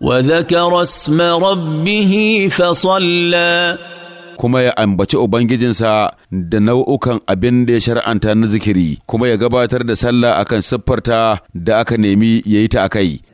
وذكر اسم ربه فصلى kuma ya ambaci Ubangijinsa da nau'ukan abin da ya shar'anta na zikiri, kuma ya gabatar da sallah akan siffarta da aka nemi ya yi ta a kai.